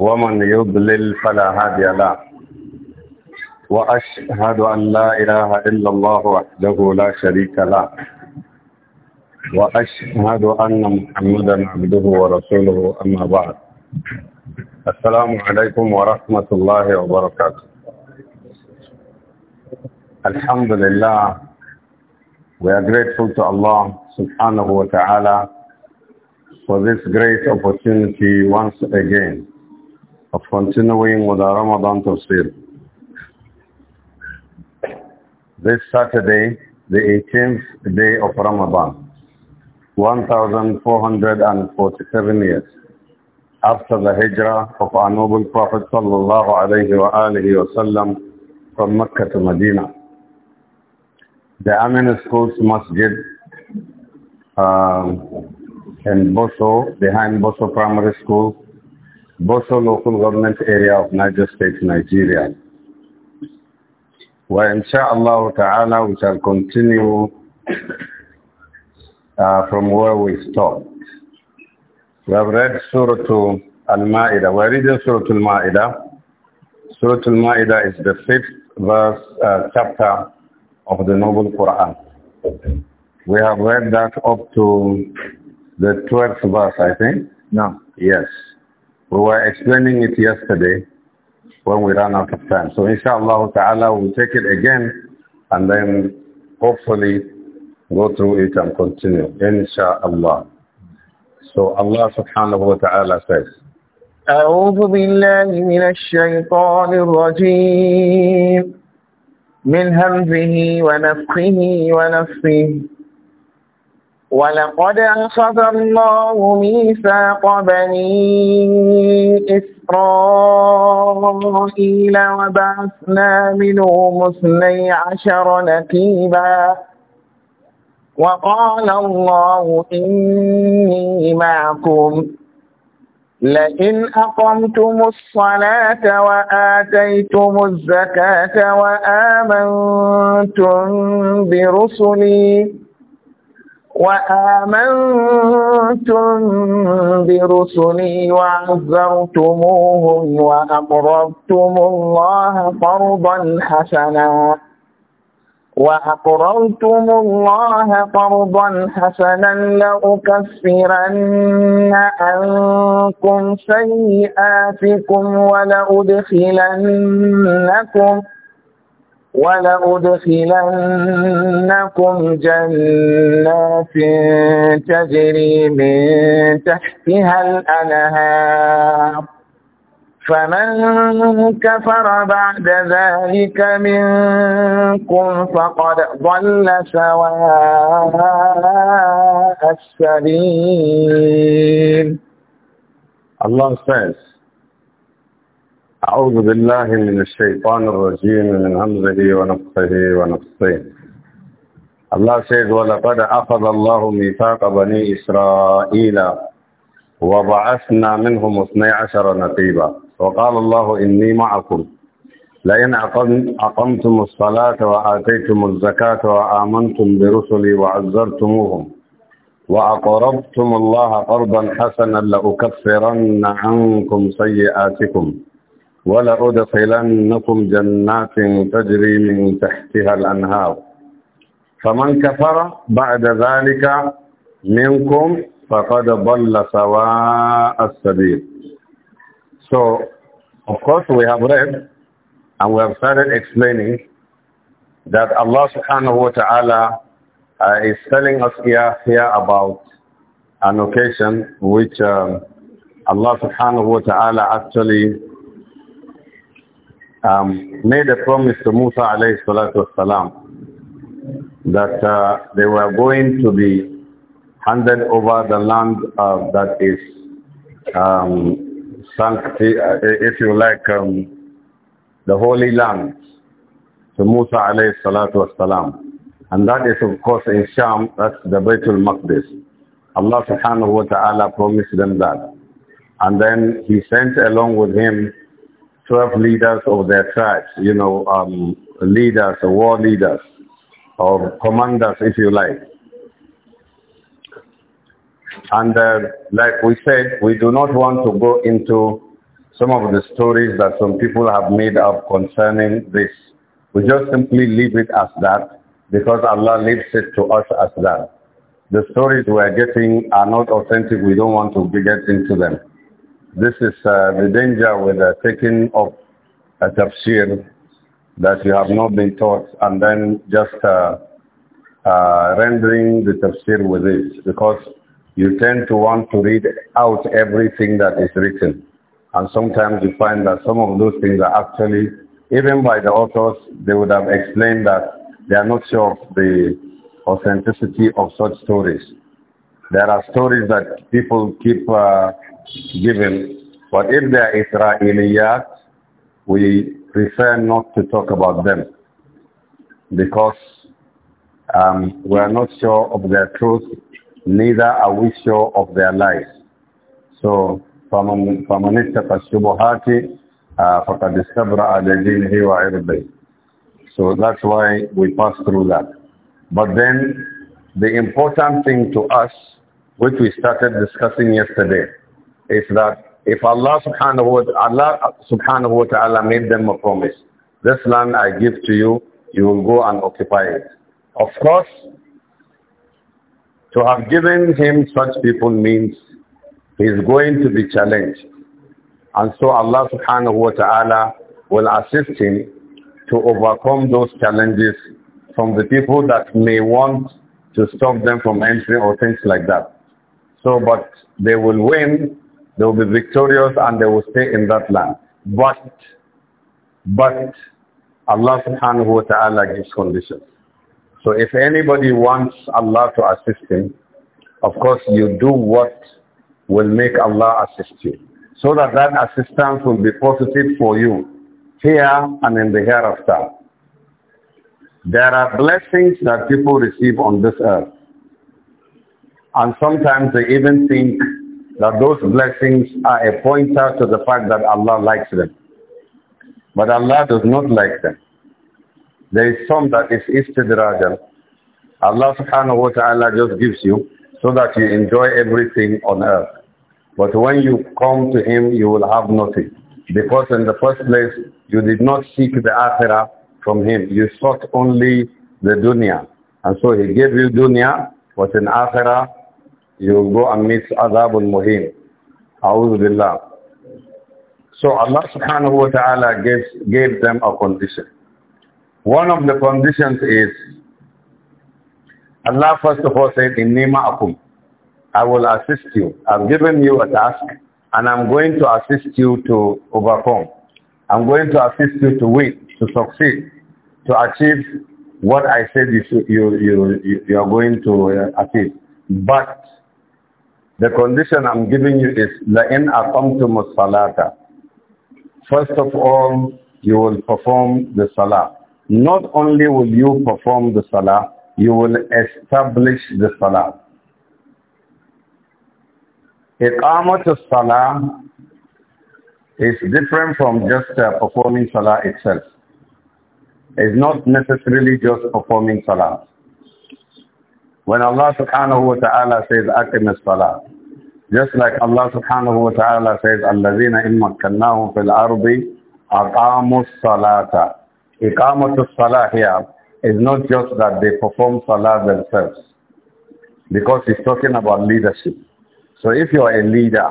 ومن يضلل فلا هادي له وأشهد أن لا إله إلا الله وحده لا شريك له وأشهد أن محمدا عبده ورسوله أما بعد السلام عليكم ورحمة الله وبركاته الحمد لله We are grateful to Allah subhanahu wa ta'ala for this great opportunity once again of continuing with the Ramadan tafsir. This Saturday, the 18th day of Ramadan, 1447 years after the hijrah of our noble Prophet sallallahu alayhi wa alihi wasallam from Mecca to Medina. The Amin Schools Masjid um, in Boso, behind Boso Primary School, Boso local government area of Niger State, Nigeria. Where inshallah ta'ala we shall continue uh, from where we stopped. We have read Surah Al-Ma'idah. We're reading Surah Al-Ma'idah. Surah Al-Ma'idah is the fifth verse uh, chapter of the Noble Quran. We have read that up to the 12th verse, I think. No. Yes. We were explaining it yesterday when we ran out of time. So inshallah ta'ala we'll take it again and then hopefully go through it and continue. Inshallah. So Allah subhanahu wa ta'ala says, أعوذ بالله من الشيطان الرجيم من همزه ونفخه ونفخه ولقد أخذ الله ميثاق بني إسرائيل وبعثنا منهم اثني عشر نكيبا وقال الله إني معكم لئن أقمتم الصلاة وآتيتم الزكاة وآمنتم برسلي وآمنتم برسلي وعزرتموهم وأقرضتم الله قرضا حسنا وأقرضتم الله قرضا حسنا لأكفرن عنكم سيئاتكم ولأدخلنكم ۖ ولأدخلنكم جنات تجري من تحتها الأنهار فمن كفر بعد ذلك منكم فقد ضل سواء السبيل الله says أعوذ بالله من الشيطان الرجيم من همزه ونفخه ونفخه الله سيد ولقد أخذ الله ميثاق بني إسرائيل وبعثنا منهم اثني عشر نقيبا وقال الله إني معكم لئن أقمتم الصلاة وآتيتم الزكاة وآمنتم برسلي وعزرتموهم وأقربتم الله قربا حسنا لأكفرن عنكم سيئاتكم ولا أدخلنكم جنات تجري من تحتها الأنهار فمن كفر بعد ذلك منكم فقد ضل سواء السبيل So, of course, we have read and we have started explaining that Allah subhanahu wa ta'ala uh, is telling us here, here about an occasion which uh, Allah subhanahu wa ta'ala actually um, made a promise to Musa alayhi salatu salam that uh, they were going to be handed over the land uh, that is um, sancti, uh, if you like, um, the holy land to Musa alayhi salatu salam. And that is of course in Sham, that's the Baitul Maqdis. Allah subhanahu wa ta'ala promised them that. And then he sent along with him 12 leaders of their tribes, you know, um, leaders, war leaders, or commanders, if you like. And uh, like we said, we do not want to go into some of the stories that some people have made up concerning this. We just simply leave it as that because Allah leaves it to us as that. The stories we are getting are not authentic. We don't want to get into them. This is uh, the danger with uh, taking up a tafsir that you have not been taught and then just uh, uh, rendering the tafsir with it because you tend to want to read out everything that is written. And sometimes you find that some of those things are actually, even by the authors, they would have explained that they are not sure of the authenticity of such stories. There are stories that people keep uh, given. But if they are Israeliyat, we prefer not to talk about them because um, we are not sure of their truth, neither are we sure of their lies. So, فَمَنِ اتَّقَ الشُّبُهَاتِ فَقَدْ اسْتَبْرَأَ لَدِينِهِ وَعِرْضِهِ So that's why we pass through that. But then, the important thing to us, which we started discussing yesterday, is that if Allah subhanahu wa ta'ala, Allah subhanahu wa ta'ala made them a promise, this land I give to you, you will go and occupy it. Of course, to have given him such people means he is going to be challenged. And so Allah subhanahu wa ta'ala will assist him to overcome those challenges from the people that may want to stop them from entering or things like that. So, but they will win they will be victorious and they will stay in that land. But, but Allah subhanahu wa ta'ala gives conditions. So if anybody wants Allah to assist him, of course you do what will make Allah assist you. So that that assistance will be positive for you here and in the hereafter. There are blessings that people receive on this earth. And sometimes they even think that those blessings are a pointer to the fact that Allah likes them. But Allah does not like them. There is some that is istidrajan. Allah subhanahu wa ta'ala just gives you so that you enjoy everything on earth. But when you come to him, you will have nothing. Because in the first place, you did not seek the akhirah from him. You sought only the dunya. And so he gave you dunya, but in akhirah, you'll go and meet Adabul Muhim. A'udhu So Allah subhanahu wa ta'ala gave, gave them a condition. One of the conditions is, Allah first of all said, Innima akum. I will assist you. I've given you a task and I'm going to assist you to overcome. I'm going to assist you to win, to succeed, to achieve what I said you, should, you, you, you, you are going to uh, achieve. But the condition I'm giving you is لَإِنْ أَقَمْتُمُ الصَّلَاةَ First of all, you will perform the salah. Not only will you perform the salah, you will establish the salah. Iqamat salah is different from just uh, performing salah itself. It's not necessarily just performing salah. When Allah subhanahu wa ta'ala says, أَقِمِ الصَّلَاةِ Just like Allah subhanahu wa ta'ala says, الَّذِينَ إِمَّكَّنَّاهُمْ فِي الْأَرْضِ أَقَامُوا الصَّلَاةَ Iqamatu Salah here is not just that they perform Salah themselves, because he's talking about leadership. So if you are a leader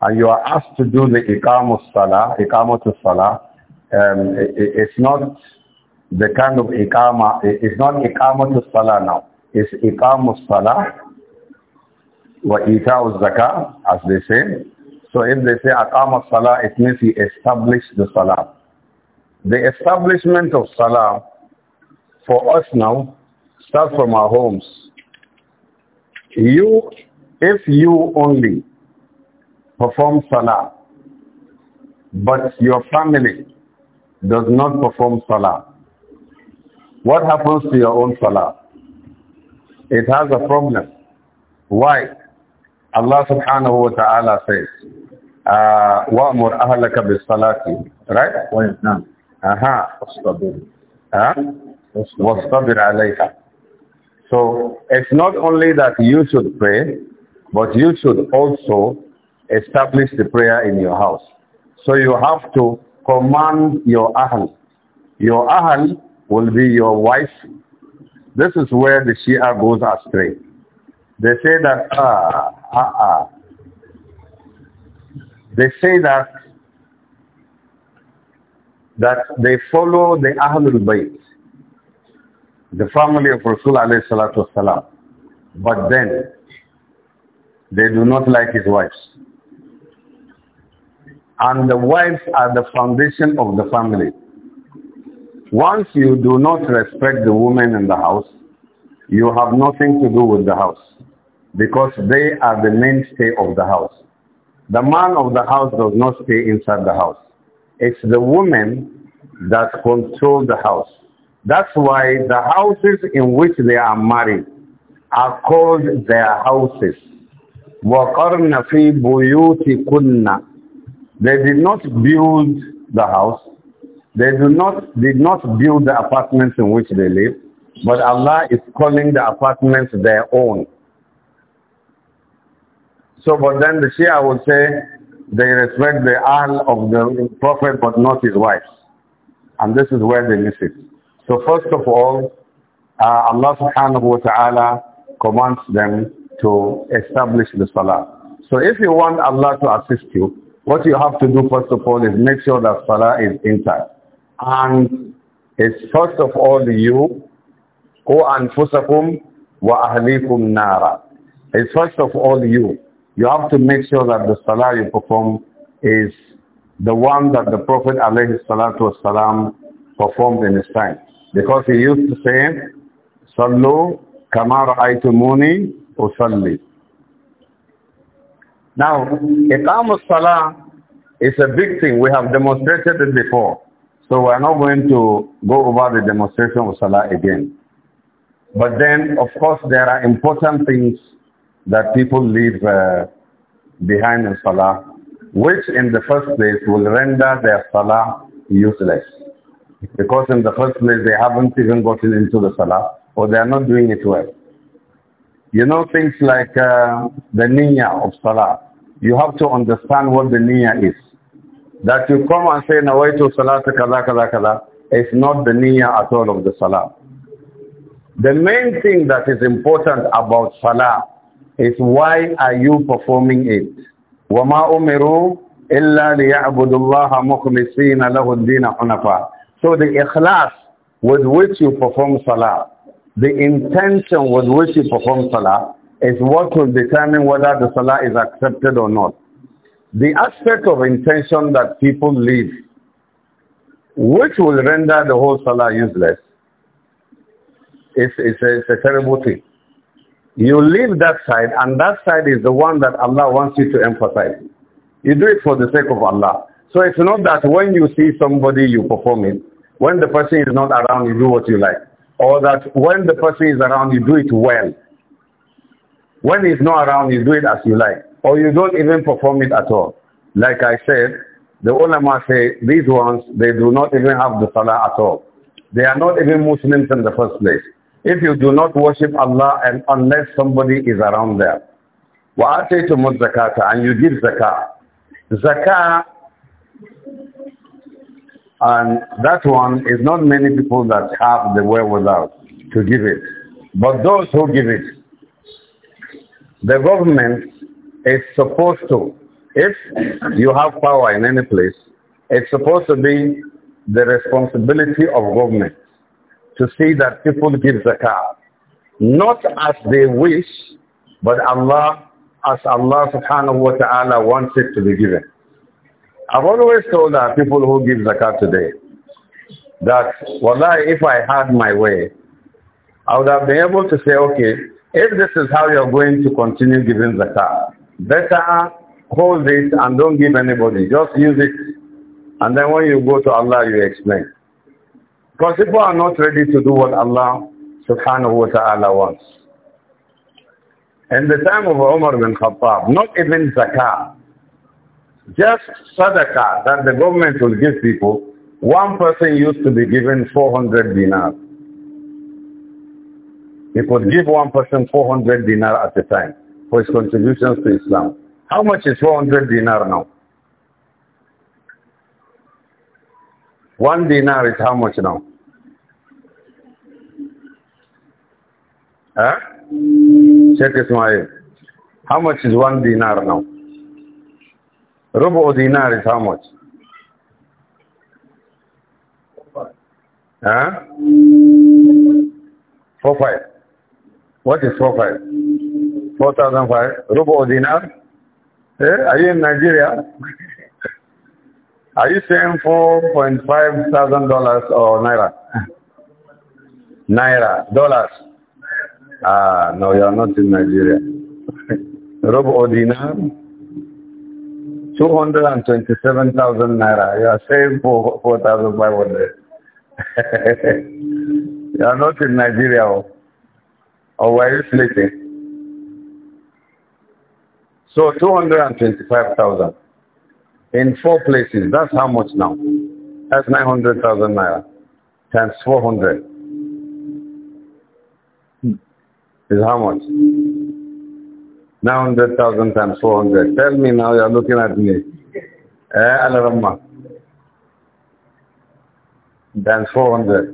and you are asked to do the Iqamatu Salah, Iqamatu Salah, um, it, it's not the kind of Iqama, it, it's not Iqamatu Salah now is iqam salah wa ita'u zakah, as they say. So if they say aqam salah, it means he established the salah. The establishment of salah for us now starts from our homes. You, if you only perform salah, but your family does not perform salah, what happens to your own salah? It has a problem. Why? Allah subhanahu wa ta'ala says, uh, وَأْمُرْ أَهْلَكَ بِالصَّلَاةِ Right? Aha. Uh uh-huh. -huh. Huh? وَاسْتَبِرْ عَلَيْهَا So it's not only that you should pray, but you should also establish the prayer in your house. So you have to command your ahl. Your ahl will be your wife, this is where the Shia goes astray. They say that, ah, ah, ah. They say that, that they follow the Ahlul Bayt, the family of Rasul alayhi salatu wasalam. But then, they do not like his wives. And the wives are the foundation of the family. Once you do not respect the woman in the house, you have nothing to do with the house because they are the mainstay of the house. The man of the house does not stay inside the house. It's the woman that control the house. That's why the houses in which they are married are called their houses. وَقَرْنَ فِي بُيُوتِكُنَّ They did not build the house. They do not, did not build the apartments in which they live, but Allah is calling the apartments their own. So, but then the Shia would say they respect the Ahl of the Prophet but not his wives. And this is where they miss it. So first of all, uh, Allah subhanahu wa ta'ala commands them to establish the Salah. So if you want Allah to assist you, what you have to do first of all is make sure that Salah is intact and it's first of all you, O anfusakum wa ahlikum nara. It's first of all you. You have to make sure that the salah you perform is the one that the Prophet alayhi salatu wasalam performed in his time. Because he used to say, Sallu kama ra'aytumuni usalli. Now, Iqam salah is a big thing. We have demonstrated it before. So we're not going to go over the demonstration of Salah again. But then, of course, there are important things that people leave uh, behind in Salah, which in the first place will render their Salah useless. Because in the first place, they haven't even gotten into the Salah, or they are not doing it well. You know things like uh, the niya of Salah. You have to understand what the niya is. That you come and say, Nawaitu salat kaza kaza kaza, is not the niyyah at all of the salah. The main thing that is important about salah is why are you performing it? وَمَا أُمِرُوا إِلَّا لِيَعْبُدُ اللَّهَ مُخْلِصِينَ لَهُ الدِّينَ حُنَفًا So the ikhlas with which you perform salah, the intention with which you perform salah is what will determine whether the salah is accepted or not the aspect of intention that people leave, which will render the whole salah useless, is, is a, a terrible thing. You leave that side, and that side is the one that Allah wants you to emphasize. You do it for the sake of Allah. So it's not that when you see somebody, you perform it. When the person is not around, you do what you like. Or that when the person is around, you do it well. When he's not around, you do it as you like or you don't even perform it at all. Like I said, the ulama say these ones, they do not even have the salah at all. They are not even Muslims in the first place. If you do not worship Allah and unless somebody is around there, say to الزَّكَاةَ And you give zakah. Zakah, and that one is not many people that have the wherewithal to give it. But those who give it, the government it's supposed to. If you have power in any place, it's supposed to be the responsibility of government to see that people give zakat. Not as they wish, but Allah, as Allah subhanahu wa ta'ala wants it to be given. I've always told our people who give zakat today that, wallahi, if I had my way, I would have been able to say, okay, if this is how you're going to continue giving zakat, Better hold it and don't give anybody. Just use it. And then when you go to Allah, you explain. Because people are not ready to do what Allah subhanahu wa ta'ala wants. In the time of Umar bin Khattab, not even zakah, just sadaqah that the government will give people, one person used to be given 400 dinars. It could give one person 400 dinar at a time for his contributions to Islam. How much is 400 dinar now? One dinar is how much now? Huh? Sheikh Ismail. How much is one dinar now? Rubu dinar is how much? Huh? Four five. What is four five? Four thousand five Rubo dinar. Eh, are you in Nigeria? Are you saying $4.5 thousand dollars or naira? naira, dollars. Ah, no, you are not in Nigeria. Robo dinar, 227,000 naira. You are saying 4,500. you are not in Nigeria. Or, oh. or were you sleeping? So 225,000 in four places. That's how much now? That's 900,000 naira times 400 is how much? 900,000 times 400. Tell me now, you're looking at me. Eh, Alaramma. Times 400.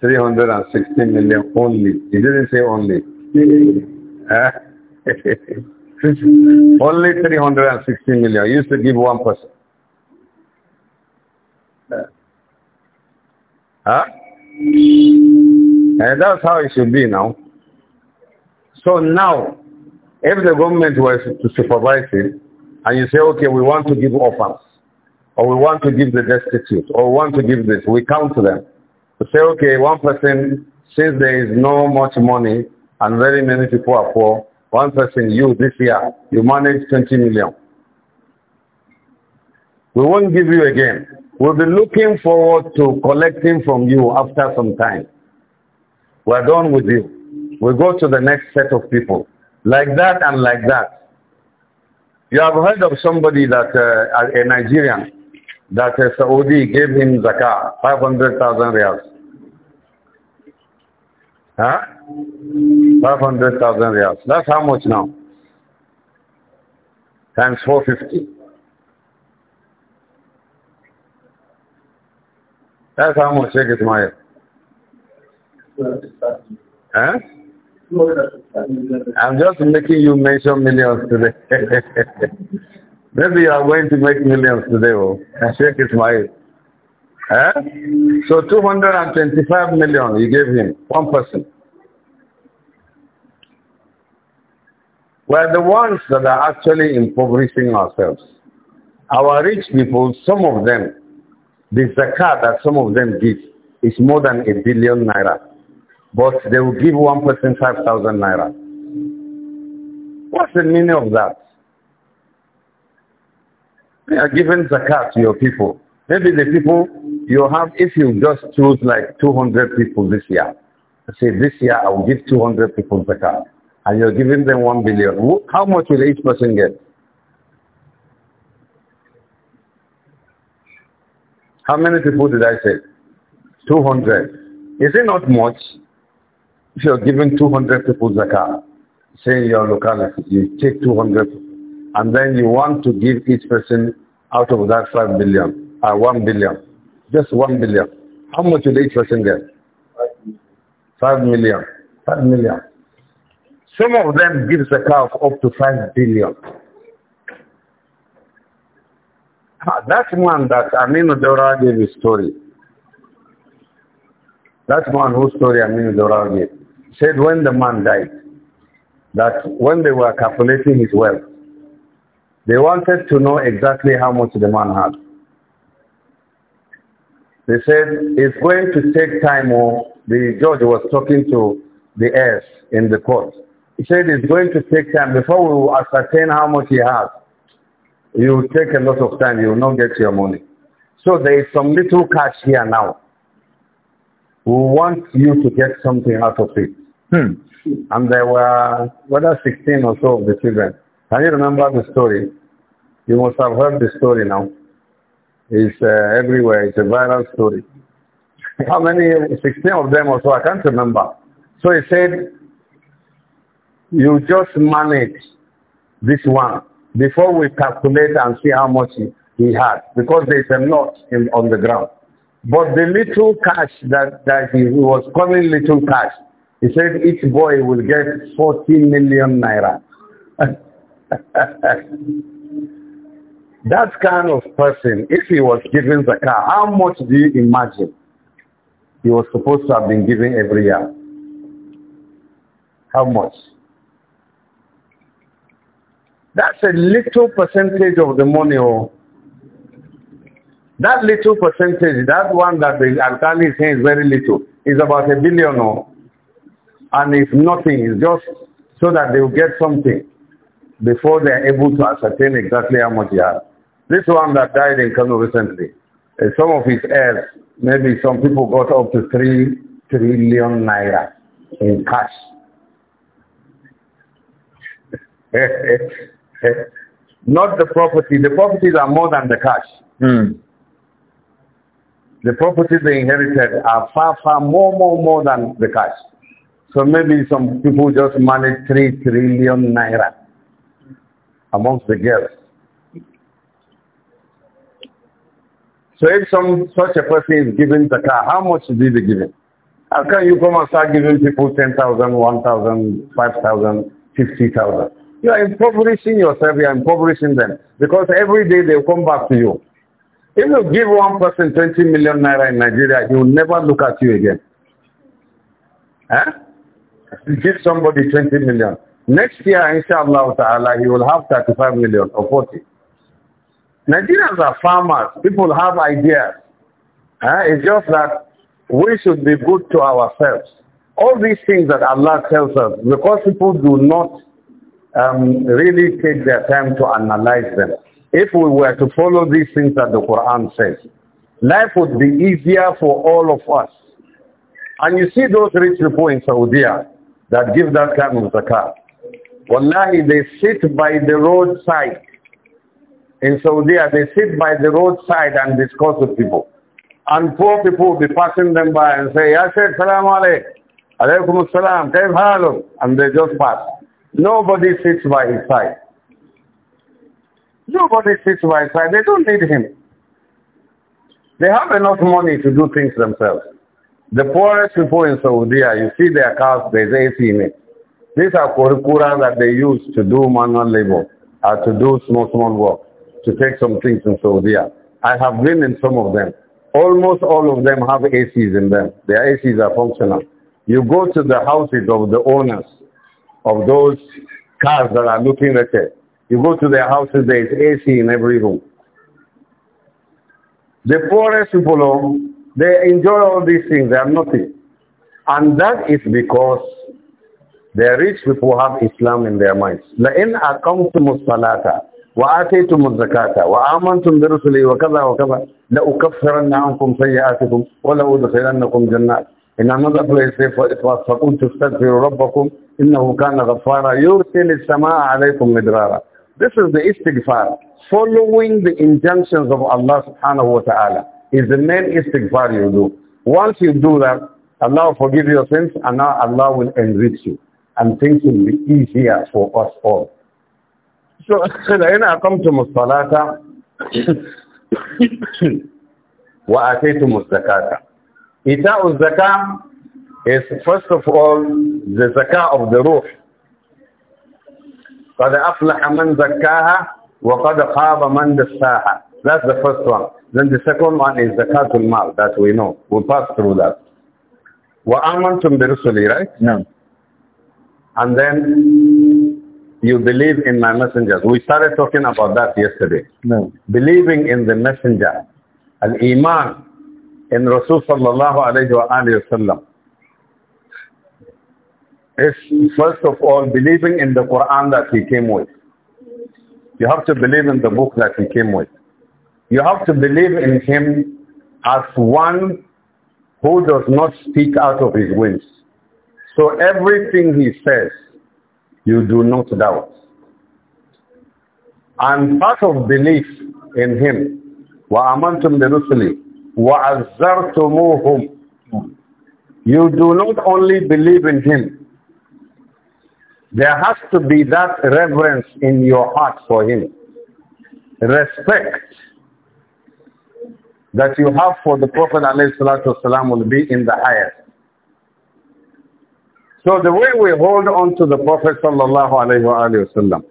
316 million only. He didn't say only. Eh? Only 360 million. You used to give 1%. Eh. Huh? And eh, that's how it should be now. So now, if the government was to supervise it, and you say, okay, we want to give orphans, or we want to give the destitute, or we want to give this, we count them. We say, okay, one person, since there is no much money, and very many people are poor. One person, you this year, you manage 20 million. We won't give you again. We'll be looking forward to collecting from you after some time. We're done with you. We go to the next set of people. Like that and like that. You have heard of somebody that, uh, a Nigerian, that a uh, Saudi gave him zakah, 500,000 riyals. 500,000 riyals. That's how much now? Times 450. That's how much Sheikh Ismail. Huh? I'm just making you mention millions today. Maybe you are going to make millions today, oh. Sheikh Ismail. Huh? So 225 million you gave him, one person. We're the ones that are actually impoverishing ourselves. Our rich people, some of them, the zakat that some of them give is more than a billion naira. But they will give one person 5,000 naira. What's the meaning of that? They are giving zakat to your people. Maybe the people you have, if you just choose like 200 people this year, say this year I will give 200 people zakat and you're giving them one billion. How much will each person get? How many people did I say? 200. Is it not much if you're giving 200 people zakat? Say in your locality, you take 200 and then you want to give each person out of that 5 billion, uh, 1 billion, just 1 billion. How much will each person get? 5 million. 5 million. Some of them give zakah of up to 5 billion. Ah, that man that Aminu Dora gave his story, that man whose story Aminu Dora gave, said when the man died, that when they were calculating his wealth, they wanted to know exactly how much the man had. They said, it's going to take time. Oh. The judge was talking to the heirs in the court. He said it's going to take time. Before we ascertain how much he has, You will take a lot of time. You will not get your money. So there is some little cash here now. We want you to get something out of it. Hmm. And there were, whether 16 or so of the children. Can you remember the story? You must have heard the story now. It's uh, everywhere. It's a viral story. How many? 16 of them or so. I can't remember. So he said, you just manage this one before we calculate and see how much he, he had because there's a lot in, on the ground. But the little cash that, that he, he was calling little cash, he said each boy will get 40 million naira. that kind of person, if he was given the car, how much do you imagine he was supposed to have been given every year? How much? That's a little percentage of the money. Oh. That little percentage, that one that the al is saying is very little, is about a billion. Oh. And it's nothing. It's just so that they will get something before they are able to ascertain exactly how much he has. This one that died in Kano recently, uh, some of his heirs, maybe some people got up to 3 trillion naira in cash. Not the property. The properties are more than the cash. Mm. The properties they inherited are far, far more, more, more than the cash. So maybe some people just manage 3 trillion naira amongst the girls. So if some such a person is giving the car, how much is he giving? How can you come and start giving people 10,000, 1,000, 5,000, 50,000? You are impoverishing yourself, you are impoverishing them. Because every day they come back to you. If you give one person 20 million naira in Nigeria, he will never look at you again. Huh? Give somebody 20 million. Next year, inshallah ta'ala, he will have 35 million or 40. Nigerians are farmers. People have ideas. Huh? It's just that we should be good to ourselves. All these things that Allah tells us, because people do not um, really take their time to analyze them. If we were to follow these things that the Quran says, life would be easier for all of us. And you see those rich people in Saudi that give that kind of zakat. Wallahi, they sit by the roadside. In Saudi, they sit by the roadside and discuss with people. And poor people will be passing them by and say, Ya Sheikh, salam alaikum. Alaikum salam, And they just pass. Nobody sits by his side. Nobody sits by his side. They don't need him. They have enough money to do things themselves. The poorest people in Saudi, you see their cars, there's AC in it. These are kurikura that they use to do manual labor, or uh, to do small, small work, to take some things in Saudi. I have been in some of them. Almost all of them have ACs in them. Their ACs are functional. You go to the houses of the owners of those cars that are looking at it. You go to their houses, there is AC in every room. The poorest people, oh, they enjoy all these things, they have nothing. And that is because the rich people have Islam in their minds. لَإِنْ أَقَمْتُمُ الصَّلَاةَ وآتيتم الزكاة وآمنتم برسلي وكذا وكذا لأكفرن عنكم سيئاتكم ولأدخلنكم جنات In another place, if it was فَقُمْ تُسْتَغْفِرُ رَبَّكُمْ إِنَّهُ كَانَ غَفَّارًا يُرْسِلِ السَّمَاءَ عَلَيْكُمْ مِدْرَارًا This is the istighfar. Following the injunctions of Allah subhanahu wa ta'ala is the main istighfar you do. Once you do that, Allah will forgive your sins and now Allah will enrich you. And things will be easier for us all. So, when I come to Mustalata, وَآتَيْتُمُ الزَّكَاةَ Ita'u zakah is first of all the zakah of the ruh. قَدْ أَفْلَحَ مَنْ زَكَّاهَا وَقَدْ خَابَ مَنْ دَسَّاهَا That's the first one. Then the second one is zakatul mal that we know. We'll pass through that. وَآمَنْتُمْ بِرُسُلِي Right? No. And then you believe in my messengers. We started talking about that yesterday. No. Believing in the messenger. Al-Iman in Rasul sallallahu alayhi wa alayhi wa sallam is first of all believing in the Quran that he came with. You have to believe in the book that he came with. You have to believe in him as one who does not speak out of his wings. So everything he says, you do not doubt. And part of belief in him, وَأَمَنْتُمْ بِرُسُلِهِ وَعَذَّرْتُمُوهُمْ You do not only believe in him. There has to be that reverence in your heart for him. Respect that you have for the Prophet ﷺ will be in the highest. So the way we hold on to the Prophet ﷺ,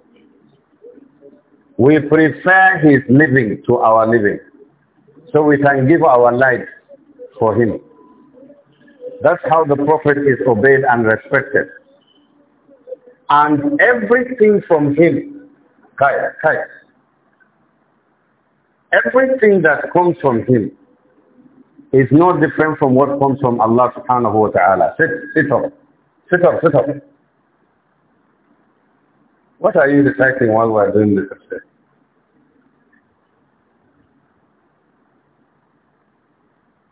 we prefer his living to our living. So we can give our life for him. That's how the Prophet is obeyed and respected. And everything from him, Kaya, Kaya, everything that comes from him is no different from what comes from Allah subhanahu wa ta'ala. Sit, sit up. Sit up, sit up. What are you reciting while we're doing this upstairs?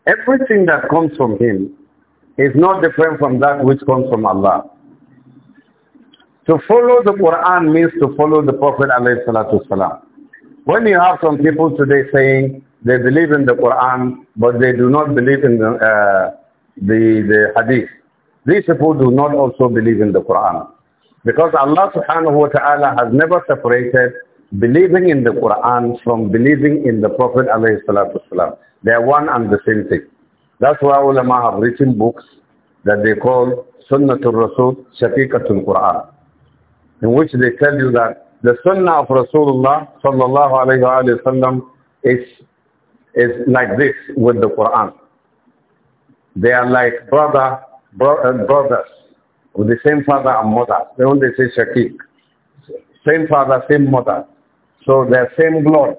Everything that comes from him is not different from that which comes from Allah. To follow the Quran means to follow the Prophet ﷺ. When you have some people today saying they believe in the Quran, but they do not believe in the, uh, the, the Hadith, these people do not also believe in the Quran. Because Allah subhanahu wa ta'ala has never separated believing in the Quran from believing in the Prophet alayhi salatu wasalam. They are one and the same thing. That's why ulama have written books that they call Sunnatul Rasul, Shafiqatul Quran, in which they tell you that the Sunnah of Rasulullah sallallahu alayhi wa sallam is, is like this with the Quran. They are like brother, bro, uh, brothers with the same father and mother. They only say Shaqiq. Same father, same mother. So they are same blood.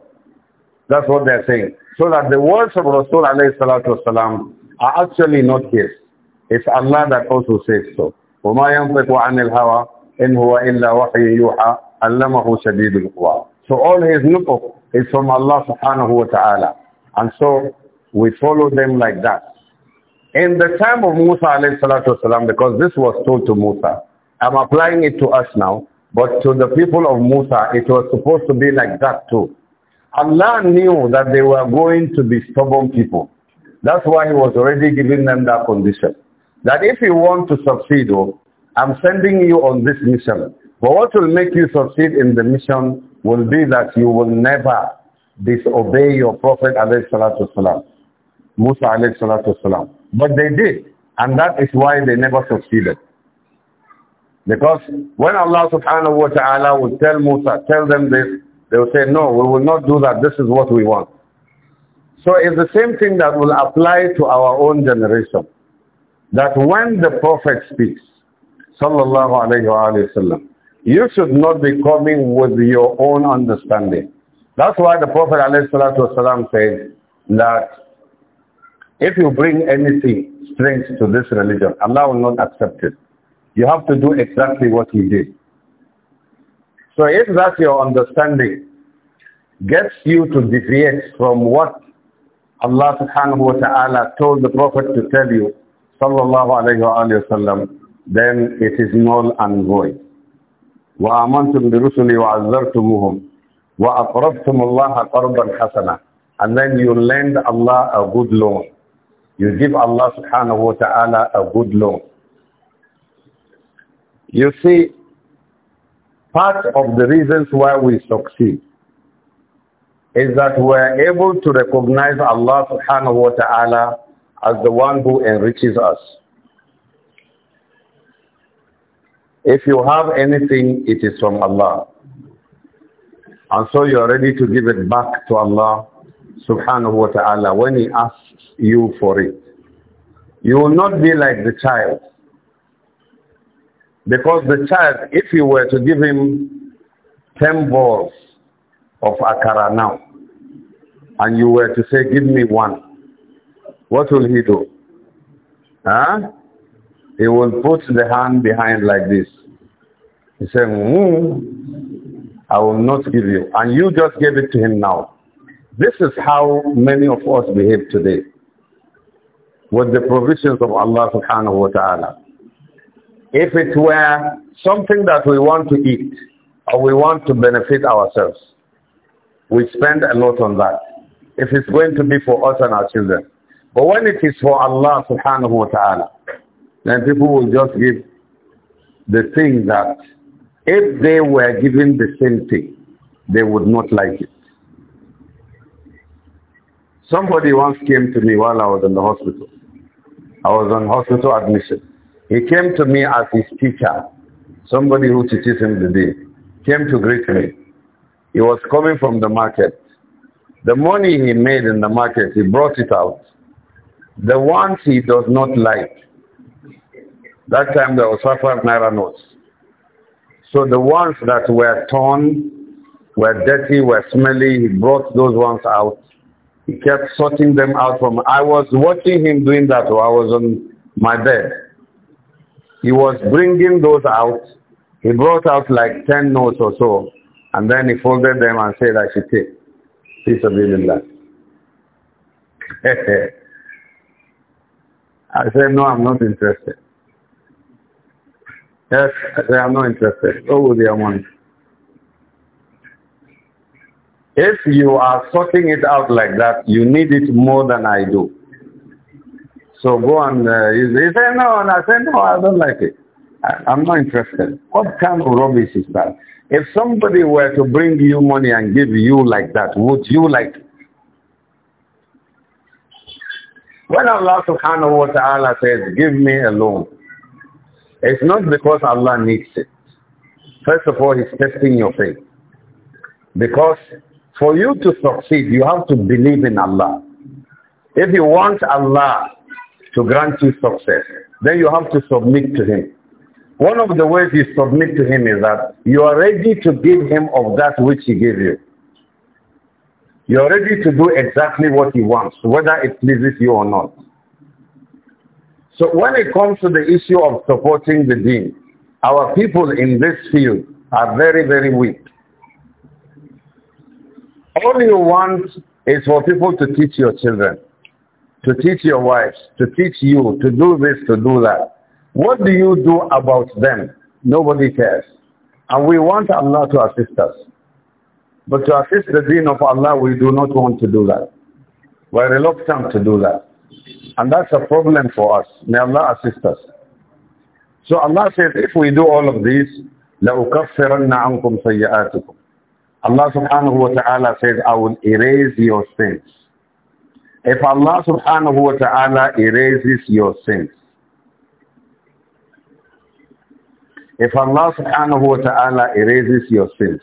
That's what they're saying. So that the words of Rasul alayhi salatu wasalam are actually not his. It's Allah that also says so. وَمَا يَنْطِقُ عَنِ الْهَوَىٰ إِنْ هُوَ إِلَّا وَحْيٌ يُوحَىٰ أَلَّمَهُ شَدِيدُ الْقُوَىٰ So all his nutq is from Allah subhanahu wa ta'ala. And so we follow them like that. In the time of Musa alayhi salatu wasalam, because this was told to Musa, I'm applying it to us now, but to the people of Musa, it was supposed to be like that too. Allah knew that they were going to be stubborn people. That's why he was already giving them that condition. That if you want to succeed, oh, I'm sending you on this mission. But what will make you succeed in the mission will be that you will never disobey your Prophet alayhi salatu salam, Musa alayhi salatu salam. But they did. And that is why they never succeeded. Because when Allah subhanahu wa ta'ala would tell Musa, tell them this, they will say, no, we will not do that. This is what we want. So it's the same thing that will apply to our own generation. That when the Prophet speaks, sallallahu alayhi wa you should not be coming with your own understanding. That's why the Prophet ﷺ said that if you bring anything strange to this religion, Allah will not accept it. You have to do exactly what he did. So if that's your understanding, gets you to deviate from what Allah subhanahu wa ta'ala told the Prophet to tell you, sallallahu alayhi wa sallam, then it is null and void. وَآمَنْتُمْ بِرُسُلِي وَعَذَّرْتُمُهُمْ وَأَقْرَبْتُمُ اللَّهَ قَرْبًا حَسَنًا And then you lend Allah a good loan. You give Allah subhanahu wa ta'ala a good loan. You see, part of the reasons why we succeed is that we're able to recognize Allah subhanahu wa ta'ala as the one who enriches us. If you have anything, it is from Allah. And so you're ready to give it back to Allah subhanahu wa ta'ala when he asks you for it. You will not be like the child because the child, if you were to give him 10 balls of akara now, and you were to say, give me one, what will he do? Huh? He will put the hand behind like this. He said, mm, I will not give you. And you just gave it to him now. This is how many of us behave today with the provisions of Allah subhanahu wa ta'ala. If it were something that we want to eat or we want to benefit ourselves, we spend a lot on that. If it's going to be for us and our children. But when it is for Allah subhanahu wa ta'ala, then people will just give the thing that if they were given the same thing, they would not like it. Somebody once came to me while I was in the hospital. I was on hospital admission. He came to me as his teacher, somebody who teaches him the day. came to greet me. He was coming from the market. The money he made in the market, he brought it out. The ones he does not like. That time there was five naira notes. So the ones that were torn, were dirty, were smelly, he brought those ones out. He kept sorting them out from, I was watching him doing that, I was on my bed. He was bringing those out. He brought out like 10 notes or so, and then he folded them and said, I should take. Peace of Allah. I said, no, I'm not interested. Yes, I said, I'm not interested. Go with your money. If you are sorting it out like that, you need it more than I do. So go and uh, he said, no, and I said, no, I don't like it. I, am not interested. What kind of rubbish is that? If somebody were to bring you money and give you like that, would you like it? When Allah subhanahu wa ta'ala says, give me a loan, it's not because Allah needs it. First of all, he's testing your faith. Because for you to succeed, you have to believe in Allah. If you want Allah to grant you success, then you have to submit to him. One of the ways you submit to him is that you are ready to give him of that which he gave you. You are ready to do exactly what he wants, whether it pleases you or not. So when it comes to the issue of supporting the deen, our people in this field are very, very weak. All you want is for people to teach your children to teach your wives, to teach you, to do this, to do that. What do you do about them? Nobody cares. And we want Allah to assist us. But to assist the deen of Allah, we do not want to do that. We're reluctant to do that. And that's a problem for us. May Allah assist us. So Allah says, if we do all of these, لَأُكَفِّرَنَّ عَنْكُمْ سَيِّئَاتِكُمْ Allah subhanahu wa ta'ala says, I will erase your sins. If Allah subhanahu wa ta'ala erases your sins, if Allah subhanahu wa ta'ala erases your sins,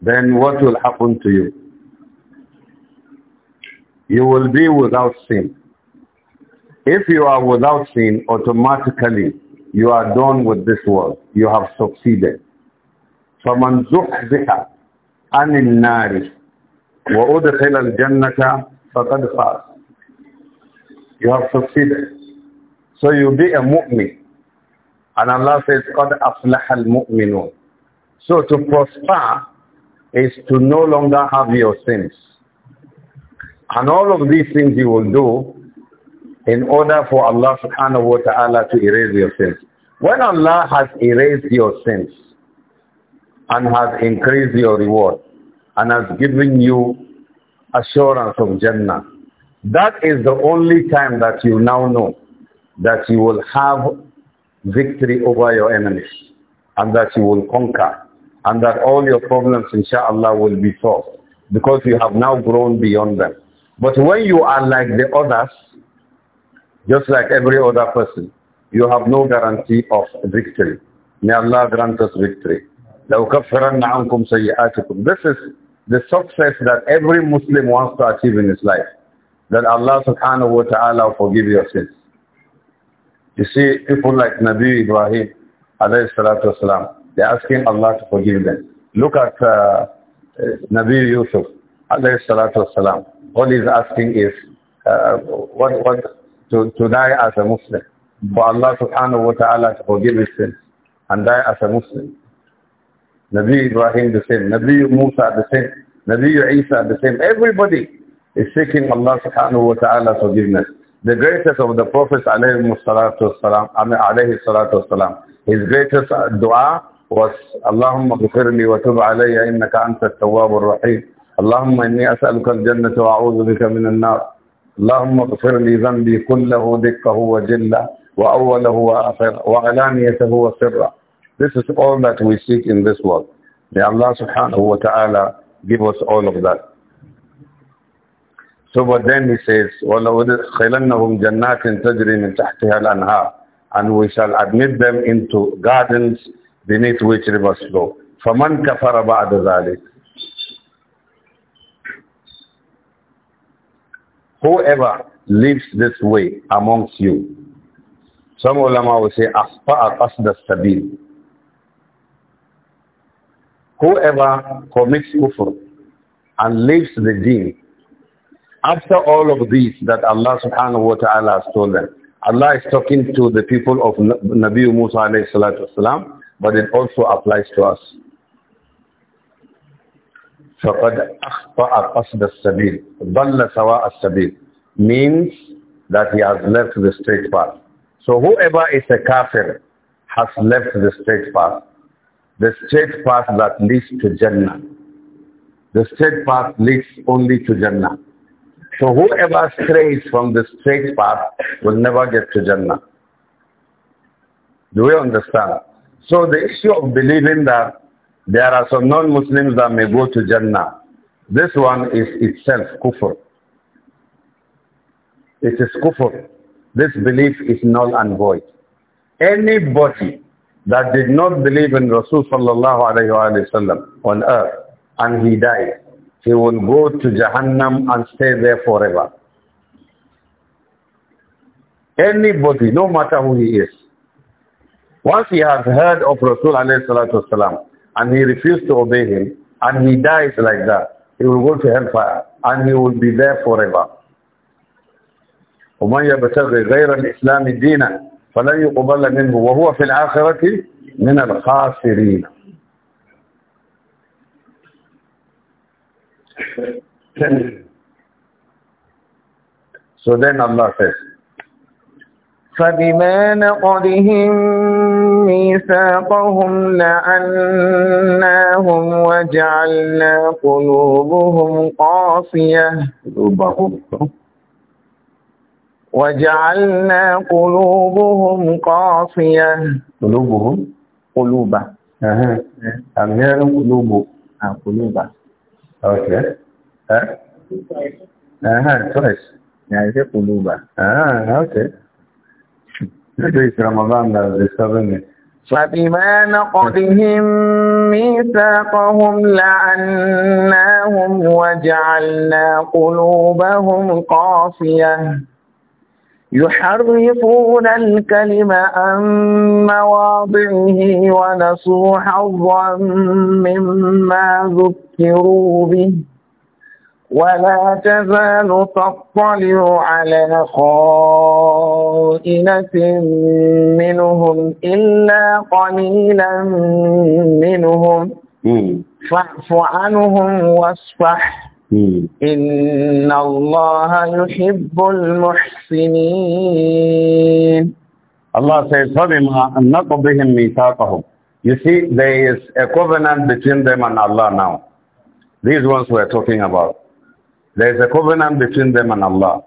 then what will happen to you? You will be without sin. If you are without sin, automatically you are done with this world. You have succeeded. فَمَنْ زُحْزِحَ عن النار وأدخل الجنة فقد فاز You have succeeded. So you be a mu'min. And Allah says, قَدْ أَفْلَحَ الْمُؤْمِنُونَ So to prosper is to no longer have your sins. And all of these things you will do in order for Allah subhanahu wa ta'ala to erase your sins. When Allah has erased your sins, and has increased your reward and has given you assurance of Jannah. That is the only time that you now know that you will have victory over your enemies and that you will conquer and that all your problems inshallah will be solved because you have now grown beyond them. But when you are like the others, just like every other person, you have no guarantee of victory. May Allah grant us victory. عَنْكُمْ سَيِّئَاتِكُمْ This is the success that every Muslim wants to achieve in his life. That Allah subhanahu wa ta'ala forgive your sins. You see, people like Nabi Ibrahim, alayhi salatu wasalam, they're asking Allah to forgive them. Look at uh, Nabi Yusuf, alayhi salatu wasalam. All he's asking is, uh, what, what, to, to die as a Muslim. For Allah subhanahu wa ta'ala to forgive his sins and die as a Muslim. Nabi Ibrahim the same, Nabi Musa the same, Nabi Isa the same. Everybody is seeking Allah subhanahu wa ta'ala forgiveness. The greatest of the prophets alayhi salatu wasalam, his greatest dua was Allahumma ghafirli wa tub alayya innaka anta at-tawwab ar-rahim. اللهم إني zan bi وأعوذ بك من النار اللهم اغفر لي ذنبي كله دقه وجله وأوله وآخره وعلانيته وسره This is all that we seek in this world. May Allah subhanahu wa ta'ala give us all of that. So but then he says, وَلَوَدْخِلَنَّهُمْ جَنَّاتٍ تَجْرِي مِنْ تَحْتِهَا الْأَنْهَارِ And we shall admit them into gardens beneath which rivers flow. فَمَنْ كَفَرَ بَعْدَ ذَلِكَ Whoever lives this way amongst you, some ulama will say, أَخْطَأَ قَصْدَ السَّبِيلِ whoever commits kufr and leaves the deen, after all of this that Allah subhanahu wa ta'ala has told them, Allah is talking to the people of Nabi Musa alayhi salatu wasalam, but it also applies to us. فَقَدْ أَخْطَأَ قَصْدَ السَّبِيلِ ضَلَّ سَوَاءَ السَّبِيلِ means that he has left the straight path. So whoever is a kafir has left the straight path the straight path that leads to Jannah. The straight path leads only to Jannah. So whoever strays from the straight path will never get to Jannah. Do we understand? So the issue of believing that there are some non-Muslims that may go to Jannah, this one is itself kufr. It is kufr. This belief is null and void. Anybody that did not believe in Rasul sallallahu alayhi wa sallam on earth and he died, he will go to Jahannam and stay there forever. Anybody, no matter who he is, once he has heard of Rasul alayhi salatu wasalam and he refused to obey him and he dies like that, he will go to hellfire and he will be there forever. ومن يبتغي غير الإسلام دينا فلن يقبل منه وهو في الآخرة من الخاسرين so then Allah says فبما نقضهم ميثاقهم لعناهم وجعلنا قلوبهم قاسية وجعلنا قلوبهم قاسية قلوبهم قلوبا أها أمير قلوب آه قلوبا أوكي أه أها كويس يعني في قلوبا آه أوكي رمضان بسبب فبما نقضهم ميثاقهم لعناهم وجعلنا قلوبهم قاسية يحرفون الكلم عن مواضعه ونسوا حظا مما ذكروا به ولا تزال تطلع على خائنة منهم إلا قليلا منهم فاعف عنهم واصفح إن Allah يحب المحسنين Allah says فبما نقضهم ميثاقهم You see there is a covenant between them and Allah now These ones we're talking about There is a covenant between them and Allah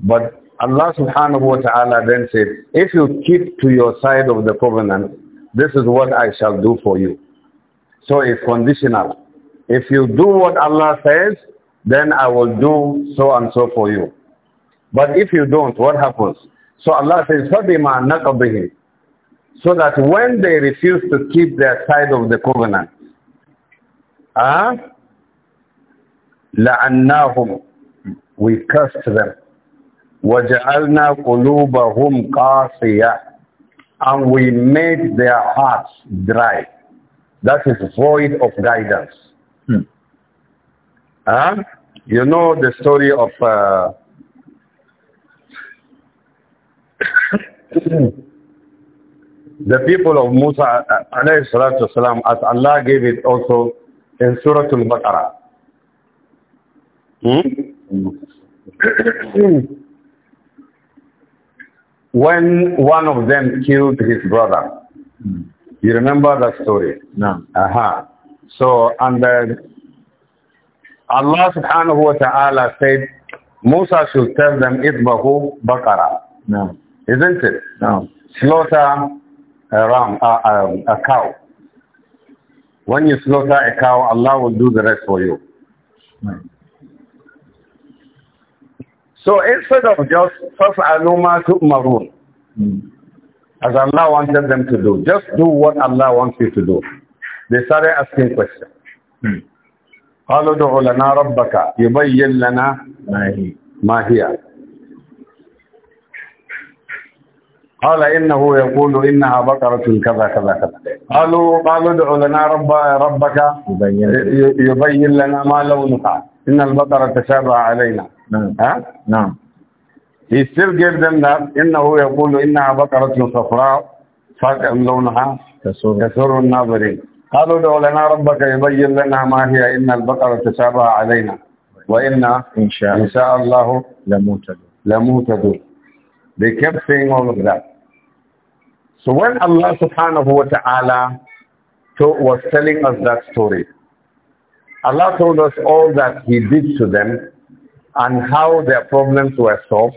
But Allah subhanahu wa ta'ala then said If you keep to your side of the covenant This is what I shall do for you So it's conditional if you do what Allah says, then I will do so and so for you. But if you don't, what happens? So Allah says, فَبِمَا نَقَبِهِمْ So that when they refuse to keep their side of the covenant, ah, huh? لَعَنَّاهُمْ We cursed them. وَجَعَلْنَا قُلُوبَهُمْ قَاسِيَةً And we made their hearts dry. That is void of guidance. Huh? You know the story of uh, the people of Musa uh, alayhi salatu wasalam as Allah gave it also in Surah Al-Baqarah. Hmm? when one of them killed his brother. Hmm. You remember that story? No. Uh -huh. So, and the Allah subhanahu wa ta'ala said, Musa should tell them, Itbahu Bakara. No. Isn't it? No. Slaughter a ram, a, a, a cow. When you slaughter a cow, Allah will do the rest for you. No. So instead of just فَفْعَلُوا مَا hmm. As Allah wanted them to do, just do what Allah wants you to do. They started asking questions. Hmm. قالوا ادع لنا ربك يبين لنا ما هي ما هي قال إنه يقول إنها بقرة كذا كذا كذا قالوا قالوا ادع لنا رب ربك يبين لنا ما لونها إن البقرة تشابه علينا نعم ها؟ نعم He still gave them that إنه يقول إنها بقرة صفراء فاقع لونها تسر الناظرين لنا ربك يبين لنا ما هي إن البقرة علينا إن شاء, إن شاء الله They kept saying all of that. So when Allah subhanahu wa ta'ala was telling us that story, Allah told us all that He did to them and how their problems were solved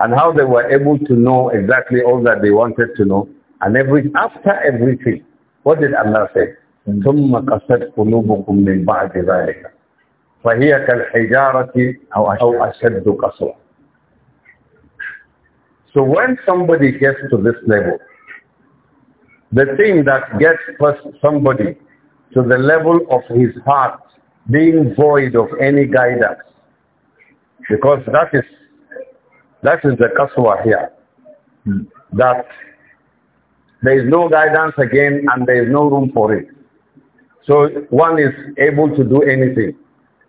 and how they were able to know exactly all that they wanted to know and every, after everything. What did Allah say? ثم قلوبكم من بعد ذلك فهي كالحجارة أو أشد قسوة. So when somebody gets to this level, the thing that gets somebody to the level of his heart being void of any guidance, because that is that is the kaswa here, hmm. that there is no guidance again and there is no room for it. So one is able to do anything.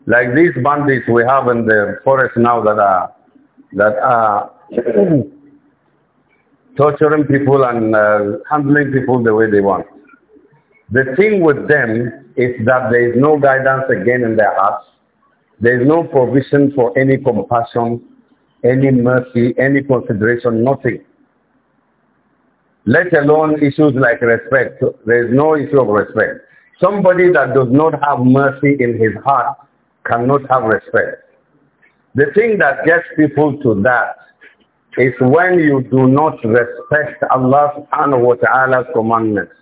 Like these bandits we have in the forest now that are, that are torturing people and uh, handling people the way they want. The thing with them is that there is no guidance again in their hearts. There is no provision for any compassion, any mercy, any consideration, nothing let alone issues like respect. There is no issue of respect. Somebody that does not have mercy in his heart cannot have respect. The thing that gets people to that is when you do not respect Allah subhanahu wa ta'ala's commandments.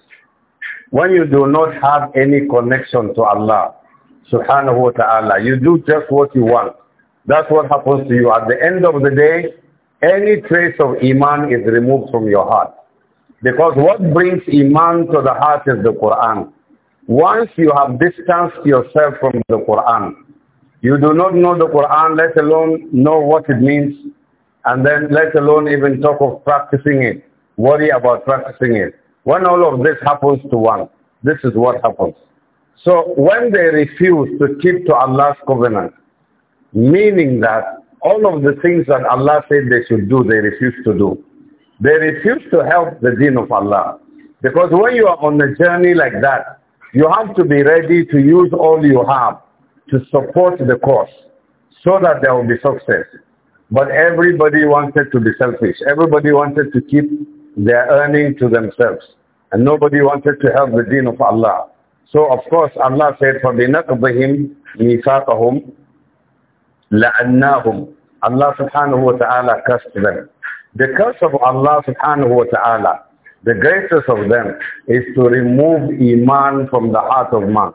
When you do not have any connection to Allah subhanahu wa ta'ala, you do just what you want. That's what happens to you. At the end of the day, any trace of Iman is removed from your heart. Because what brings Iman to the heart is the Quran. Once you have distanced yourself from the Quran, you do not know the Quran, let alone know what it means, and then let alone even talk of practicing it, worry about practicing it. When all of this happens to one, this is what happens. So when they refuse to keep to Allah's covenant, meaning that all of the things that Allah said they should do, they refuse to do. They refuse to help the deen of Allah. Because when you are on a journey like that, you have to be ready to use all you have to support the cause so that there will be success. But everybody wanted to be selfish. Everybody wanted to keep their earning to themselves. And nobody wanted to help the deen of Allah. So of course Allah said, فَبِنَقْضِهِمْ مِيثَاقَهُمْ لَأَنَّاهُمْ Allah subhanahu wa ta'ala cursed them. The curse of Allah subhanahu wa ta'ala, the greatest of them, is to remove Iman from the heart of man.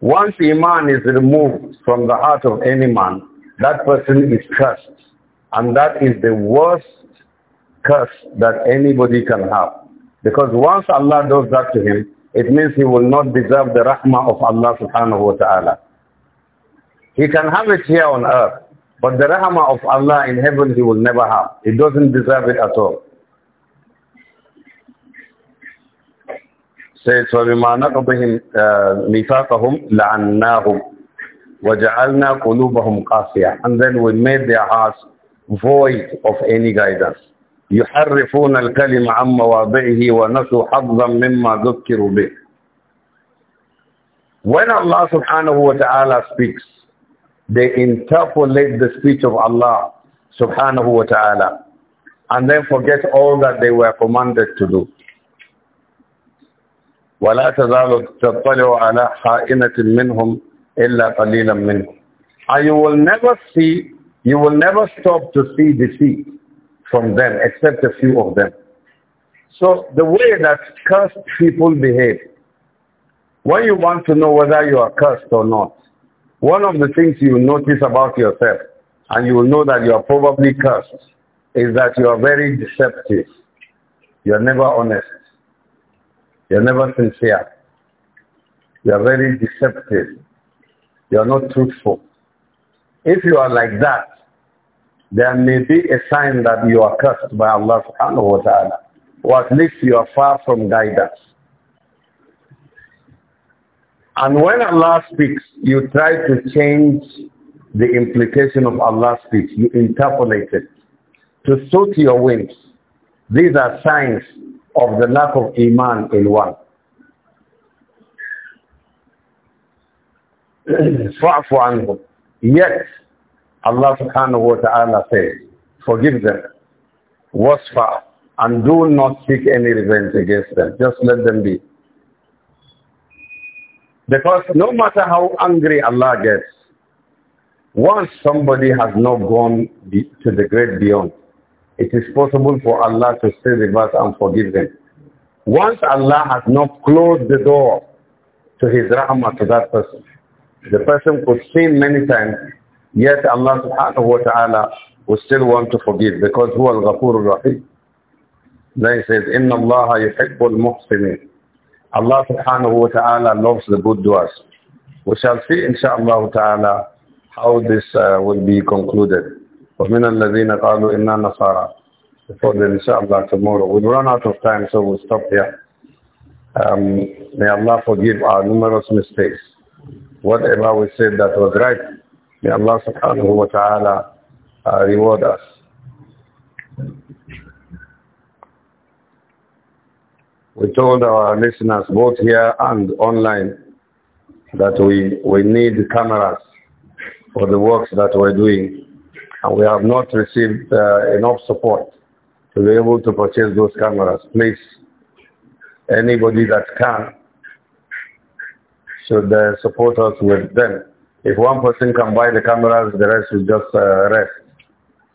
Once Iman is removed from the heart of any man, that person is cursed. And that is the worst curse that anybody can have. Because once Allah does that to him, it means he will not deserve the rahmah of Allah subhanahu wa ta'ala. He can have it here on earth, but the rahmah of Allah in heaven he will never have. He doesn't deserve it at all. Says, وَبِمَا نَقْضِهِمْ لَعَنَّاهُمْ وَجَعَلْنَا قُلُوبَهُمْ قَاسِيَةً And then we made their hearts void of any guidance. يحرفون الكلم ونسوا حظا مما ذكروا به. When Allah subhanahu wa ta'ala speaks, they interpolate the speech of Allah subhanahu wa ta'ala and then forget all that they were commanded to do. وَلَا تَزَالُ تَطَّلِعُ عَلَى خَائِنَةٍ مِّنْهُمْ إِلَّا قَلِيلًا مِّنْهُمْ And you will never see, you will never stop to see deceit from them except a few of them. So the way that cursed people behave, when you want to know whether you are cursed or not, one of the things you notice about yourself, and you will know that you are probably cursed, is that you are very deceptive. You are never honest. You are never sincere. You are very deceptive. You are not truthful. If you are like that, there may be a sign that you are cursed by Allah subhanahu wa ta'ala, or at least you are far from guidance. And when Allah speaks, you try to change the implication of Allah's speech. You interpolate it to suit your whims. These are signs of the lack of iman in one. فَعْفُ عَنْهُمْ Yet, Allah subhanahu wa ta'ala says, forgive them, wasfa, and do not seek any revenge against them. Just let them be. Because no matter how angry Allah gets, once somebody has not gone to the great beyond, it is possible for Allah to still reverse and forgive them. Once Allah has not closed the door to his rahmah to that person, the person could sin many times, yet Allah subhanahu wa ta'ala will still want to forgive because Who al Al rahim Then he says, إِنَّ اللَّهَ يُحِبُّ الْمُحْسِنِينَ Allah subhanahu wa ta'ala loves the good doers. We shall see inshaAllah ta'ala how this uh, will be concluded. وَمِنَ الَّذِينَ قَالُوا Before then inshaAllah tomorrow. we run out of time so we'll stop here. Um, may Allah forgive our numerous mistakes. Whatever we said that was right, may Allah subhanahu wa ta'ala uh, reward us. We told our listeners both here and online that we, we need cameras for the works that we're doing. And we have not received uh, enough support to be able to purchase those cameras. Please, anybody that can should uh, support us with them. If one person can buy the cameras, the rest will just uh, rest.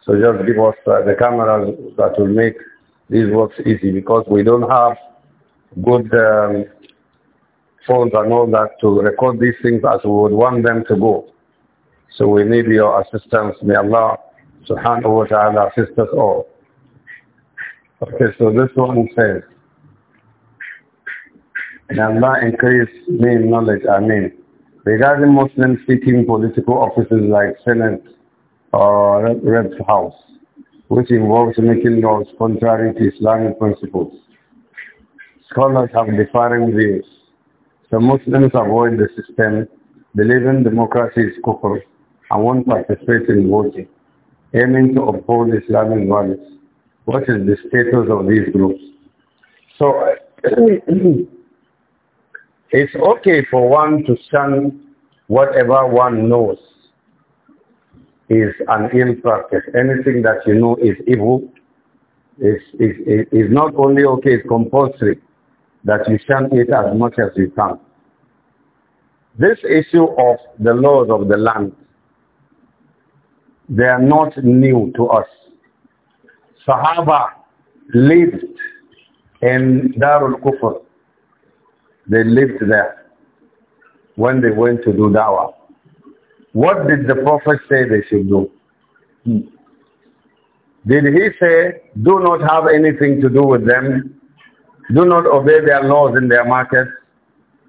So just give us uh, the cameras that will make these works easy because we don't have good um, phones and all that to record these things as we would want them to go. So we need your assistance. May Allah subhanahu wa ta'ala assist us all. Okay, so this one says, May Allah increase me in knowledge, I mean, regarding Muslims seeking political offices like Senate or Red House, which involves making laws contrary to Islamic principles scholars have differing views. Some Muslims avoid the system, believing democracy is kufr, and won't participate in voting, aiming to uphold Islamic values. What is the status of these groups? So, it's okay for one to shun whatever one knows is an ill practice. Anything that you know is evil is, is, is not only okay, it's compulsory that you shall eat as much as you can. This issue of the laws of the land, they are not new to us. Sahaba lived in Darul Kufr. They lived there when they went to do dawah. What did the Prophet say they should do? Hmm. Did he say, do not have anything to do with them do not obey their laws in their markets.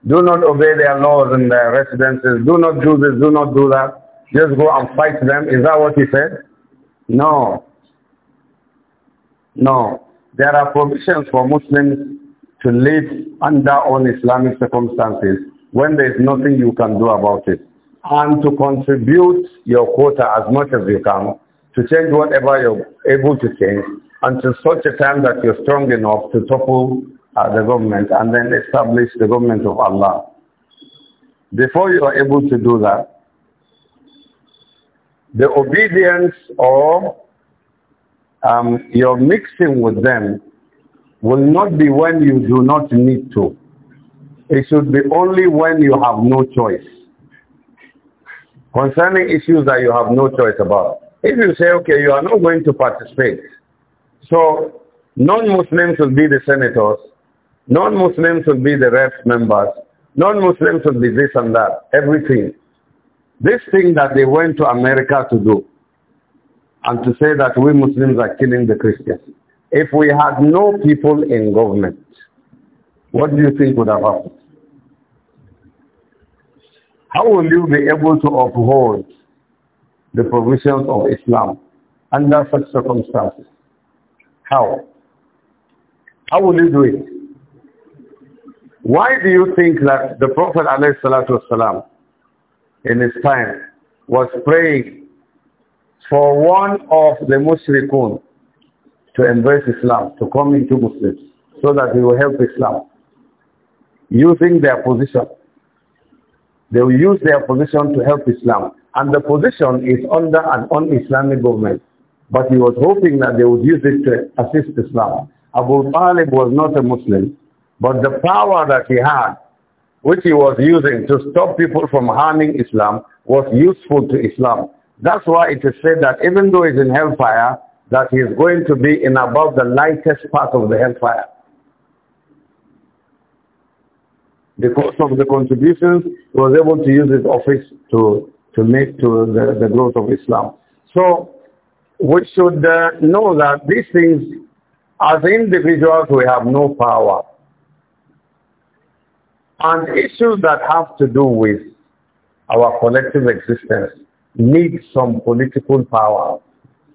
Do not obey their laws in their residences. Do not do this, do not do that. Just go and fight them. Is that what he said? No. No. There are provisions for Muslims to live under own Islamic circumstances when there is nothing you can do about it. And to contribute your quota as much as you can to change whatever you're able to change until such a time that you're strong enough to topple uh, the government and then establish the government of Allah. Before you are able to do that, the obedience or um, your mixing with them will not be when you do not need to. It should be only when you have no choice. Concerning issues that you have no choice about. If you say, okay, you are not going to participate, so non-Muslims will be the senators, non-Muslims will be the reps members, non-Muslims will be this and that, everything. This thing that they went to America to do and to say that we Muslims are killing the Christians. If we had no people in government, what do you think would have happened? How will you be able to uphold the provisions of Islam under such circumstances? How? How will you do it? Why do you think that the Prophet والسلام, in his time was praying for one of the mushrikun to embrace Islam, to come into Muslims, so that he will help Islam, using their position. They will use their position to help Islam. And the position is under an un-Islamic government. But he was hoping that they would use it to assist Islam. Abu Talib was not a Muslim, but the power that he had, which he was using to stop people from harming Islam, was useful to Islam. That's why it is said that even though he's in hellfire, that he is going to be in above the lightest part of the hellfire. Because of the contributions, he was able to use his office to, to make to the, the growth of Islam. So we should uh, know that these things, as individuals, we have no power. And issues that have to do with our collective existence need some political power.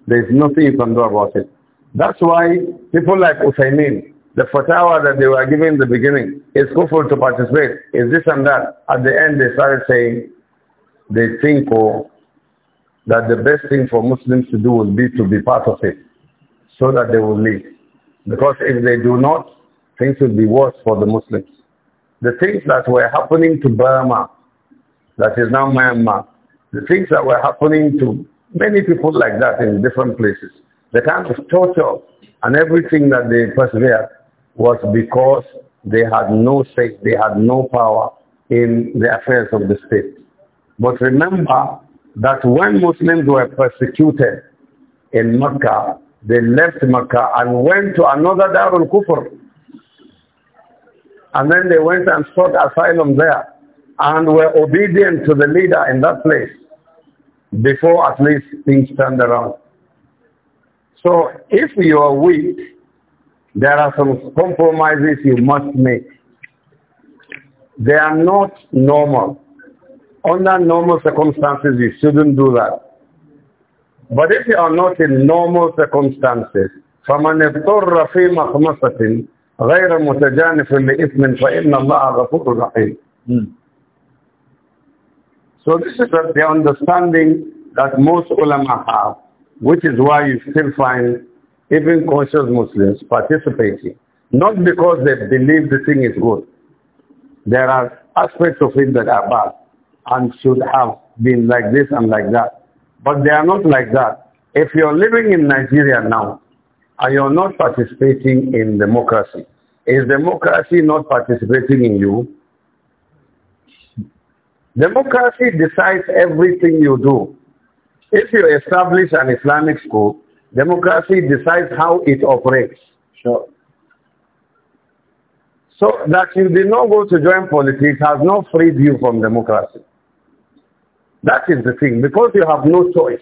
There's nothing you can do about it. That's why people like Uthaymin, the fatwa that they were giving in the beginning, it's hopeful to participate, is this and that. At the end, they started saying, they think, oh, that the best thing for Muslims to do will be to be part of it so that they will leave. Because if they do not, things will be worse for the Muslims. The things that were happening to Burma, that is now Myanmar, the things that were happening to many people like that in different places, the kind of torture and everything that they persevered was because they had no say, they had no power in the affairs of the state. But remember that when Muslims were persecuted in Mecca, they left Mecca and went to another Darul Kufr. And then they went and sought asylum there and were obedient to the leader in that place before at least things turned around. So if you are weak, there are some compromises you must make. They are not normal. Under normal circumstances, you shouldn't do that. But if you are not in normal circumstances, فمن اضطر في مخمصة غير متجانف لإثم فإن الله غفور رحيم. Hmm. So this is the understanding that most ulama have, which is why you still find even conscious Muslims participating. Not because they believe the thing is good. There are aspects of it that are bad and should have been like this and like that. But they are not like that. If you're living in Nigeria now and you're not participating in democracy, is democracy not participating in you? Democracy decides everything you do. If you establish an Islamic school, democracy decides how it operates. Sure. So that you did not go to join politics has not freed you from democracy. That is the thing, because you have no choice.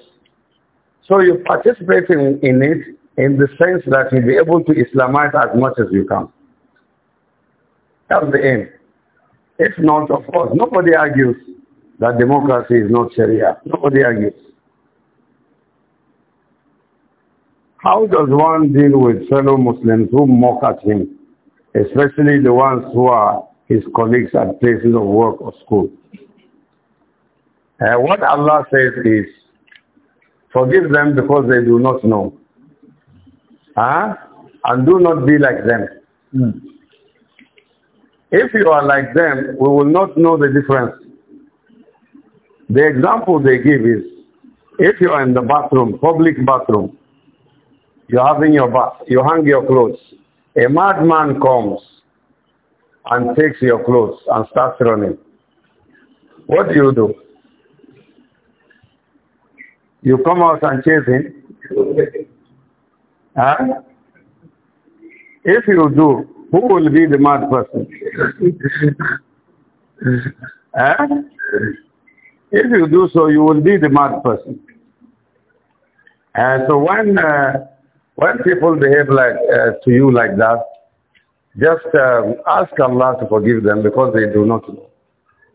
So you participate in, in it in the sense that you'll be able to Islamize as much as you can. That's the aim. If not, of course, nobody argues that democracy is not Sharia. Nobody argues. How does one deal with fellow Muslims who mock at him, especially the ones who are his colleagues at places of work or school? Uh, what Allah says is, forgive them because they do not know. Huh? And do not be like them. Mm. If you are like them, we will not know the difference. The example they give is, if you are in the bathroom, public bathroom, you're having your bath, you hang your clothes, a madman comes and takes your clothes and starts running. What do you do? You come out and chase him. Huh? If you do, who will be the mad person? huh? If you do so, you will be the mad person. And so when uh, when people behave like uh, to you like that, just um, ask Allah to forgive them because they do not know.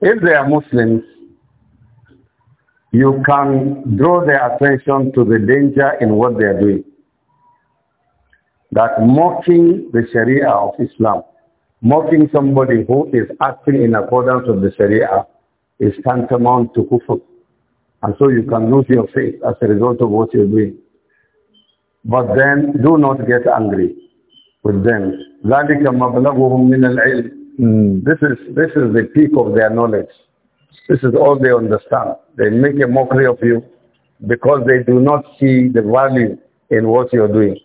If they are Muslims, you can draw their attention to the danger in what they are doing. That mocking the Sharia of Islam, mocking somebody who is acting in accordance with the Sharia is tantamount to kufr. And so you can lose your faith as a result of what you're doing. But then do not get angry with them. Hmm. This is, this is the peak of their knowledge. This is all they understand. They make a mockery of you because they do not see the value in what you're doing.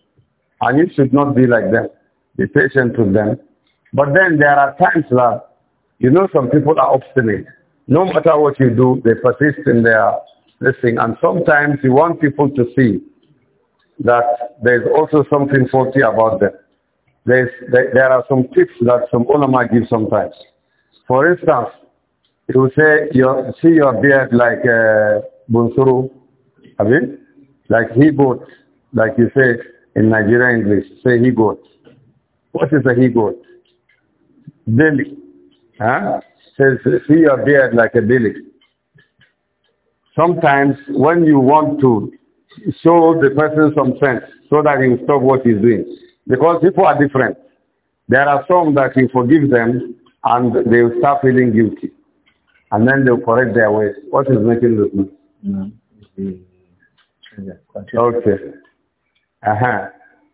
And you should not be like them. Be patient with them. But then there are times that, you know, some people are obstinate. No matter what you do, they persist in their this thing. And sometimes you want people to see that there's also something faulty about them. There's, there, there are some tips that some ulama give sometimes. For instance, you will say, your, see your beard like uh, Bunsuru, I mean, like he goat, like you say in Nigerian English, say he goat. What is a he goat? Billy. Huh? Says, see your beard like a billy. Sometimes when you want to show the person some sense so that he will stop what he's doing. Because people are different. There are some that you forgive them and they will start feeling guilty and then they'll correct their ways. What is making this mess? No. Okay. Uh-huh.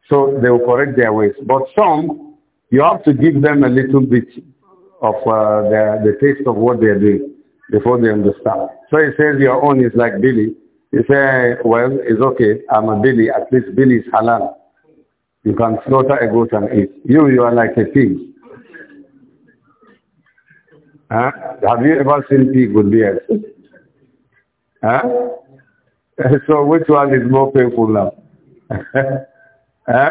So they will correct their ways. But some, you have to give them a little bit of uh, the, the taste of what they're doing before they understand. So he says your own is like Billy. You say, well, it's okay. I'm a Billy. At least Billy is halal. You can slaughter a goat and eat. You, you are like a pig. Have you ever seen people with Huh? So which one is more painful now? huh?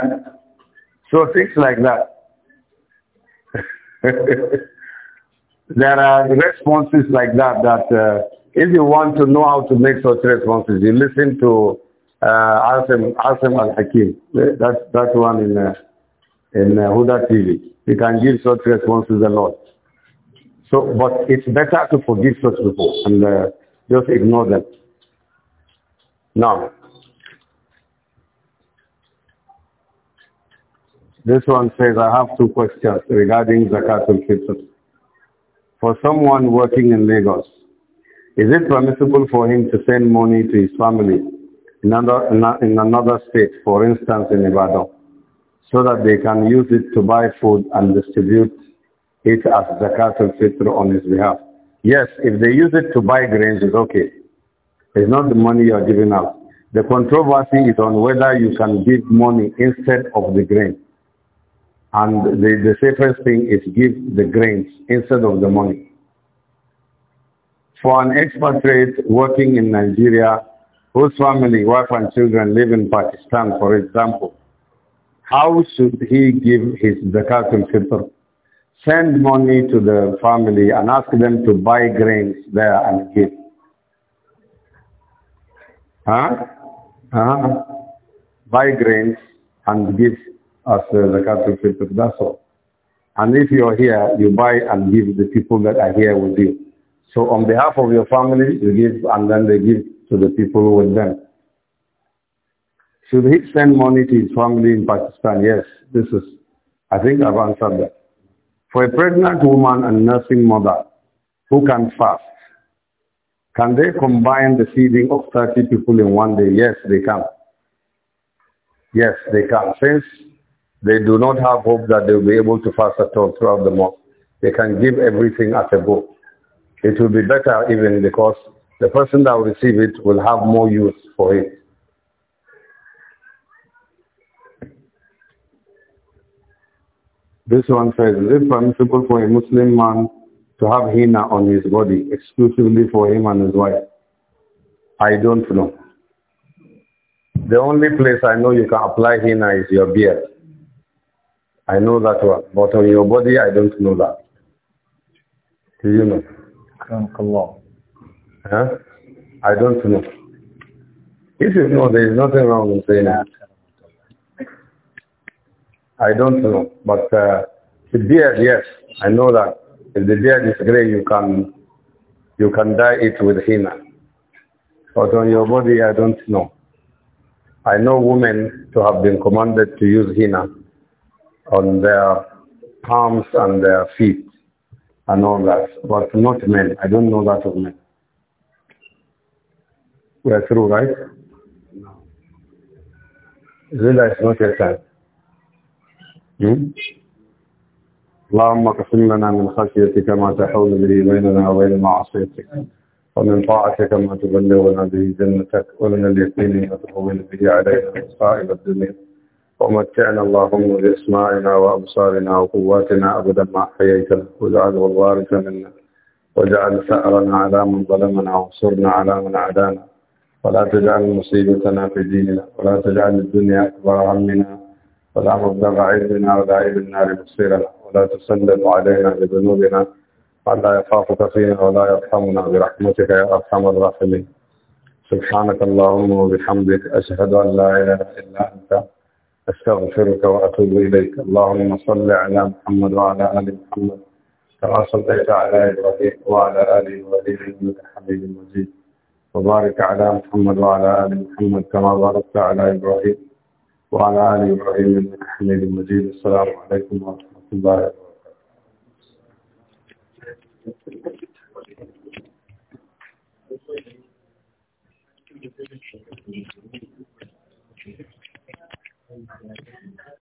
So things like that. there are responses like that that uh, if you want to know how to make such responses, you listen to uh, Asim, Asim Al-Hakim. Eh, that's, that one in, uh, in uh, Huda TV. You can give such responses a lot. So, but it's better to forgive such people and uh, just ignore them. Now, this one says, I have two questions regarding Zakatul Fitr. For someone working in Lagos, is it permissible for him to send money to his family in another, in another state, for instance in Nevada, so that they can use it to buy food and distribute it as zakat al-fitr on his behalf. Yes, if they use it to buy grains, it's okay. It's not the money you're giving out. The controversy is on whether you can give money instead of the grain. And the, the safest thing is give the grains instead of the money. For an expatriate working in Nigeria, whose family, wife and children live in Pakistan, for example, how should he give his zakat al-fitr? send money to the family and ask them to buy grains there and give. Huh? huh? Buy grains and give as uh, the cattle filter. That's all. And if you're here, you buy and give the people that are here with you. So on behalf of your family, you give and then they give to the people with them. Should he send money to his family in Pakistan? Yes, this is, I think I've answered that. For a pregnant woman and nursing mother who can fast, can they combine the feeding of 30 people in one day? Yes, they can. Yes, they can. Since they do not have hope that they'll be able to fast at all throughout the month, they can give everything at a go. It will be better even because the person that will receive it will have more use for it. This one says, is it permissible for a Muslim man to have henna on his body exclusively for him and his wife? I don't know. The only place I know you can apply henna is your beard. I know that one. But on your body, I don't know that. Do you know? Huh? I don't know. If you know, there is nothing wrong with saying that. I don't know. But uh, the beard, yes, I know that. If the beard is grey, you can you can dye it with henna. But on your body, I don't know. I know women to have been commanded to use henna on their palms and their feet and all that, but not men. I don't know that of men. We are through, right? No. Zilla is not your time. اللهم اقسم لنا من خشيتك ما تحول به بيننا وبين معصيتك ومن طاعتك ما تبلغنا به جنتك ومن اليقين ما تقول به علينا مصائب الدنيا ومتعنا اللهم باسماعنا وابصارنا وقواتنا ابدا ما احييتنا واجعله الوارث منا واجعل ثارنا على من ظلمنا وانصرنا على من عادانا ولا تجعل مصيبتنا في ديننا ولا تجعل الدنيا اكبر همنا ولا مبلغ علمنا ولا علم النار مصيرنا ولا تسلط علينا بذنوبنا ولا يخافك فينا ولا يرحمنا برحمتك يا أرحم الراحمين سبحانك اللهم وبحمدك أشهد أن لا إله إلا أنت أستغفرك وأتوب إليك اللهم صل على محمد وعلى آل محمد كما صليت على إبراهيم وعلى آل إبراهيم إنك حميد مجيد وبارك على محمد وعلى آل محمد كما باركت على إبراهيم وعلى آل إبراهيم إنك حميد مجيد السلام عليكم ورحمة الله وبركاته